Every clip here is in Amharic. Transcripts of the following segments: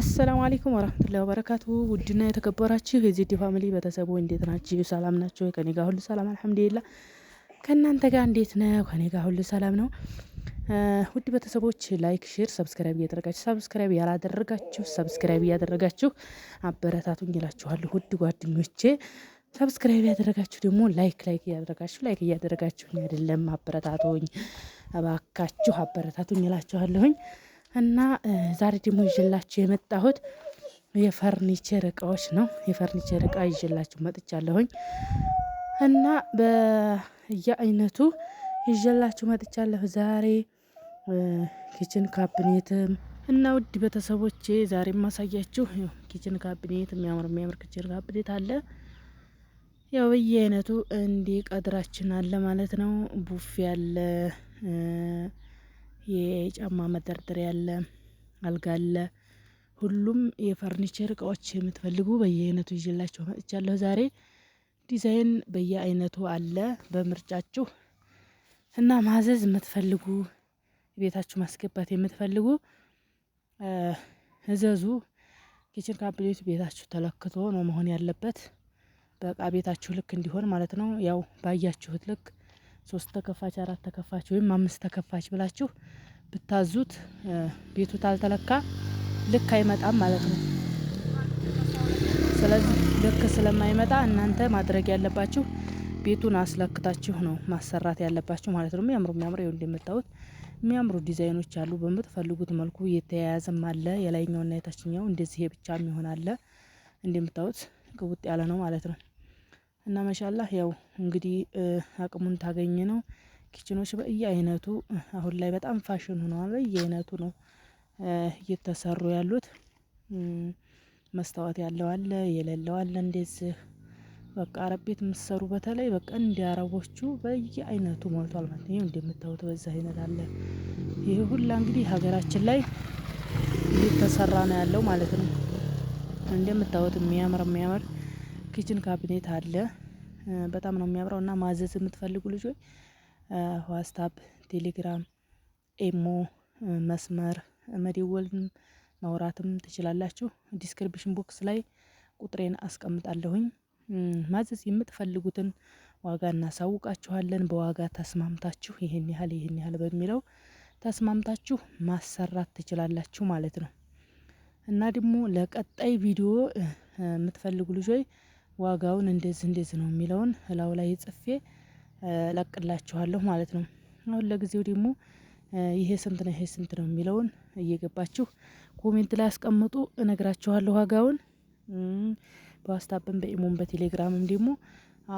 አሰላሙ አለይኩም ወራህመቱላሂ ወበረካቱ። ውድና የተከበራችሁ የዜድ ፋሚሊ ቤተሰቡ እንዴት ናችሁ? ሰላም ናቸው? ከኔ ጋር ሁሉ ሰላም አልሐምዱሊላህ። ከእናንተ ጋር እንዴት ነው? ከኔ ጋር ሁሉ ሰላም ነው። ውድ ቤተሰቦች ላይክ፣ ሼር፣ ሰብስክራይብ እያደረጋችሁ ሰብስክራይብ ያላደረጋችሁ ሰብስክራይብ እያደረጋችሁ አበረታቱኝ እላችኋለሁ። ውድ ጓደኞቼ ሰብስክራይብ ያደረጋችሁ ደግሞ ላይክ ላይክ እያደረጋችሁ ላይክ እያደረጋችሁኝ አይደለም አበረታቱኝ፣ እባካችሁ አበረታቱኝ እላችኋለሁኝ። እና ዛሬ ደግሞ ይዤላችሁ የመጣሁት የፈርኒቸር እቃዎች ነው። የፈርኒቸር እቃ ይዤላችሁ መጥቻለሁኝ እና በየአይነቱ ይዤላችሁ መጥቻለሁ ዛሬ ኪችን ካቢኔትም እና ውድ ቤተሰቦቼ ዛሬ የማሳያችሁ ኪችን ካቢኔት የሚያምር የሚያምር ኪችን ካቢኔት አለ። ያው በየአይነቱ እንዲህ ቀድራችን አለ ማለት ነው። ቡፌ አለ የጫማ መደርደሪያ አለ፣ አልጋ አለ። ሁሉም የፈርኒቸር እቃዎች የምትፈልጉ በየአይነቱ ይዤላችሁ መጥቻለሁ ዛሬ። ዲዛይን በየአይነቱ አለ በምርጫችሁ እና ማዘዝ የምትፈልጉ ቤታችሁ ማስገባት የምትፈልጉ እዘዙ። ኪችን ካብኔት ቤታችሁ ተለክቶ ነው መሆን ያለበት። በቃ ቤታችሁ ልክ እንዲሆን ማለት ነው። ያው ባያችሁት ልክ ሶስት ተከፋች፣ አራት ተከፋች ወይም አምስት ተከፋች ብላችሁ ብታዙት ቤቱ ታልተለካ ልክ አይመጣም ማለት ነው። ስለዚህ ልክ ስለማይመጣ እናንተ ማድረግ ያለባችሁ ቤቱን አስለክታችሁ ነው ማሰራት ያለባችሁ ማለት ነው። የሚያምሩ የሚያምሩ ይኸው እንደምታዩት የሚያምሩ ዲዛይኖች አሉ። በምትፈልጉት መልኩ የተያያዘም አለ። የላይኛውና የታችኛው እንደዚህ ብቻ የሚሆን አለ። እንደምታዩት ግውጥ ያለ ነው ማለት ነው። እና መሻላህ ያው እንግዲህ አቅሙን ታገኝ ነው። ኪችኖች በየአይነቱ አሁን ላይ በጣም ፋሽን ሆነዋል። በየአይነቱ ነው እየተሰሩ ያሉት። መስታወት ያለው አለ፣ የሌለው አለ። እንደዚህ በቃ አረብ ቤት የምትሰሩ በተለይ በቃ እንዲ አረቦቹ በየአይነቱ ሞልቷል ማለት ነው። እንደምታዩት በዛ አይነት አለ። ይሄ ሁላ እንግዲህ ሀገራችን ላይ እየተሰራ ነው ያለው ማለት ነው። እንደምታዩት የሚያምር የሚያምር ኪችን ካቢኔት አለ። በጣም ነው የሚያምረው እና ማዘዝ የምትፈልጉ ልጆች ዋትስአፕ፣ ቴሌግራም፣ ኤሞ መስመር መደወልም ማውራትም ትችላላችሁ። ዲስክሪፕሽን ቦክስ ላይ ቁጥሬን አስቀምጣለሁኝ። ማዘዝ የምትፈልጉትን ዋጋ እናሳውቃችኋለን። በዋጋ ተስማምታችሁ ይህን ያህል ይህን ያህል በሚለው ተስማምታችሁ ማሰራት ትችላላችሁ ማለት ነው እና ደግሞ ለቀጣይ ቪዲዮ የምትፈልጉ ልጆች ዋጋውን እንደዚህ እንደዚህ ነው የሚለውን እላው ላይ ጽፌ እለቅላችኋለሁ ማለት ነው። አሁን ለጊዜው ደግሞ ይሄ ስንት ነው ይሄ ስንት ነው የሚለውን እየገባችሁ ኮሜንት ላይ አስቀምጡ፣ እነግራችኋለሁ ዋጋውን። በዋስታፕም በኢሞን በቴሌግራምም ደግሞ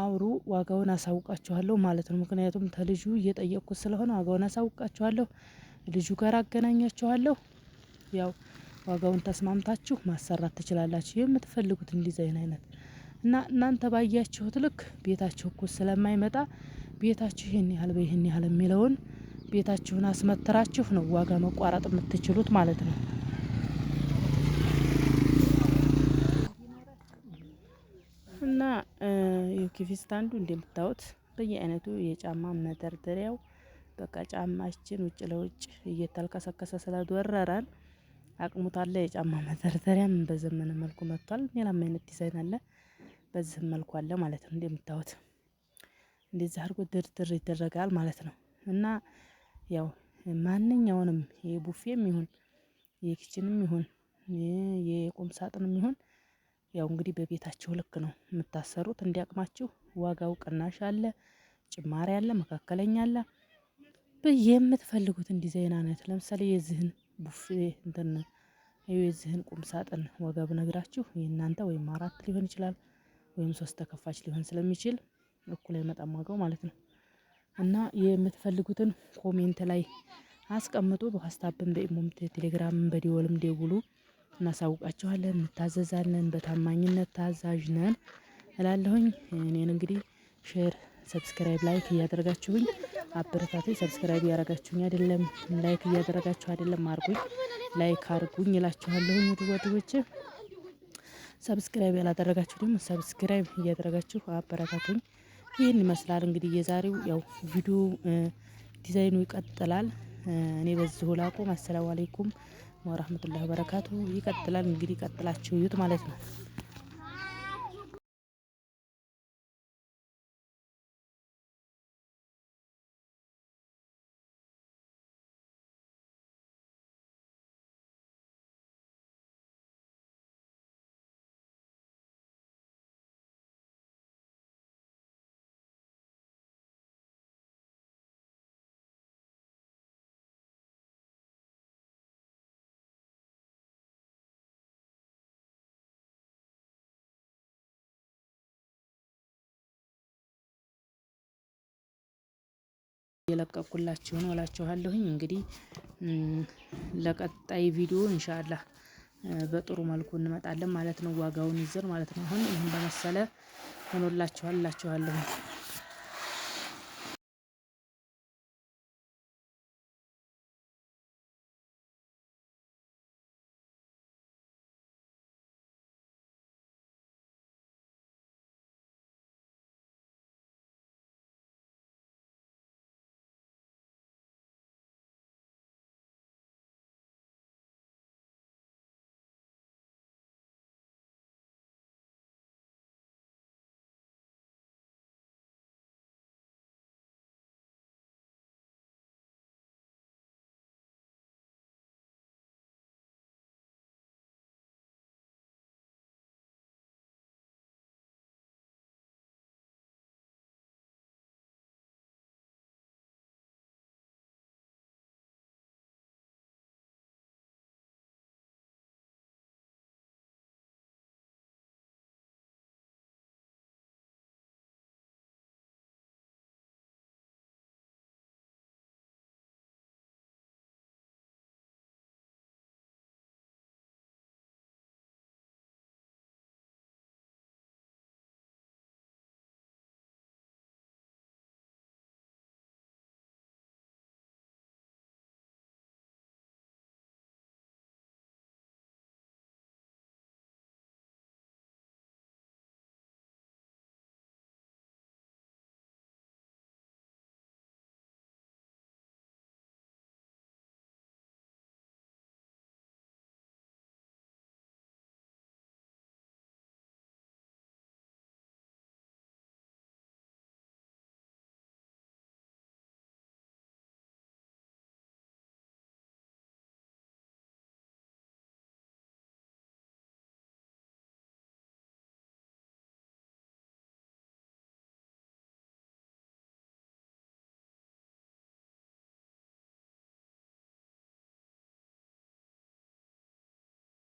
አውሩ፣ ዋጋውን አሳውቃችኋለሁ ማለት ነው። ምክንያቱም ተልጁ እየጠየቅኩት ስለሆነ ዋጋውን አሳውቃችኋለሁ፣ ልጁ ጋር አገናኛችኋለሁ። ያው ዋጋውን ተስማምታችሁ ማሰራት ትችላላችሁ የምትፈልጉትን ዲዛይን አይነት እና እናንተ ባያችሁት ልክ ቤታችሁ እኮ ስለማይመጣ ቤታችሁ ይህን ያህል በይህን ያህል የሚለውን ቤታችሁን አስመትራችሁ ነው ዋጋ መቋረጥ የምትችሉት ማለት ነው። እና የኪፊስት አንዱ እንደምታዩት በየአይነቱ የጫማ መደርደሪያው በቃ ጫማችን ውጭ ለውጭ እየተልከሰከሰ ስለወረረን አቅሙታለ የጫማ መደርደሪያም በዘመነ መልኩ መጥቷል። ሌላም አይነት ዲዛይን አለ። በዚህም መልኩ አለ ማለት ነው። እንደምታዩት እንደዚህ አድርጎ ድርድር ይደረጋል ማለት ነው። እና ያው ማንኛውንም የቡፌም ይሁን የኪችንም ይሁን የቁም ሳጥንም ይሁን ያው እንግዲህ በቤታችሁ ልክ ነው የምታሰሩት። እንዲያቅማችሁ ዋጋው ቅናሽ አለ፣ ጭማሪ አለ፣ መካከለኛ አለ። የምትፈልጉትን ዲዛይን አይነት ለምሳሌ የዚህን ቡፌ እንትን የዚህን ቁም ሳጥን ዋጋ ብነግራችሁ የእናንተ ወይም አራት ሊሆን ይችላል ወይም ሶስት ተከፋች ሊሆን ስለሚችል እኩል አይመጣም ዋጋው ማለት ነው። እና የምትፈልጉትን ኮሜንት ላይ አስቀምጡ። በዋትስአፕም በኢሞም ቴሌግራምም በዲወልም ደውሉ፣ እናሳውቃችኋለን። እንታዘዛለን፣ በታማኝነት ታዛዥ ነን እላለሁኝ። እኔን እንግዲህ ሼር፣ ሰብስክራይብ፣ ላይክ እያደረጋችሁኝ አበረታቶች ሰብስክራይብ እያደረጋችሁኝ አይደለም፣ ላይክ እያደረጋችሁ አይደለም፣ አርጉኝ፣ ላይክ አርጉኝ እላችኋለሁኝ ድጓድጎች ሰብስክራይብ ያላደረጋችሁ ደግሞ ሰብስክራይብ እያደረጋችሁ አበረታቱኝ። ይህን ይመስላል እንግዲህ የዛሬው ያው ቪዲዮ ዲዛይኑ ይቀጥላል። እኔ በዚህ ላቁም። አሰላሙ አሌይኩም ወራህመቱላህ በረካቱ። ይቀጥላል እንግዲህ ይቀጥላችሁ እዩት ማለት ነው። የለቀኩላችሁ ነው እላችኋለሁኝ። እንግዲህ ለቀጣይ ቪዲዮ እንሻላ በጥሩ መልኩ እንመጣለን ማለት ነው። ዋጋውን ይዘር ማለት ነው። አሁን ይህን በመሰለ ሆኖላችኋል እላችኋለሁ።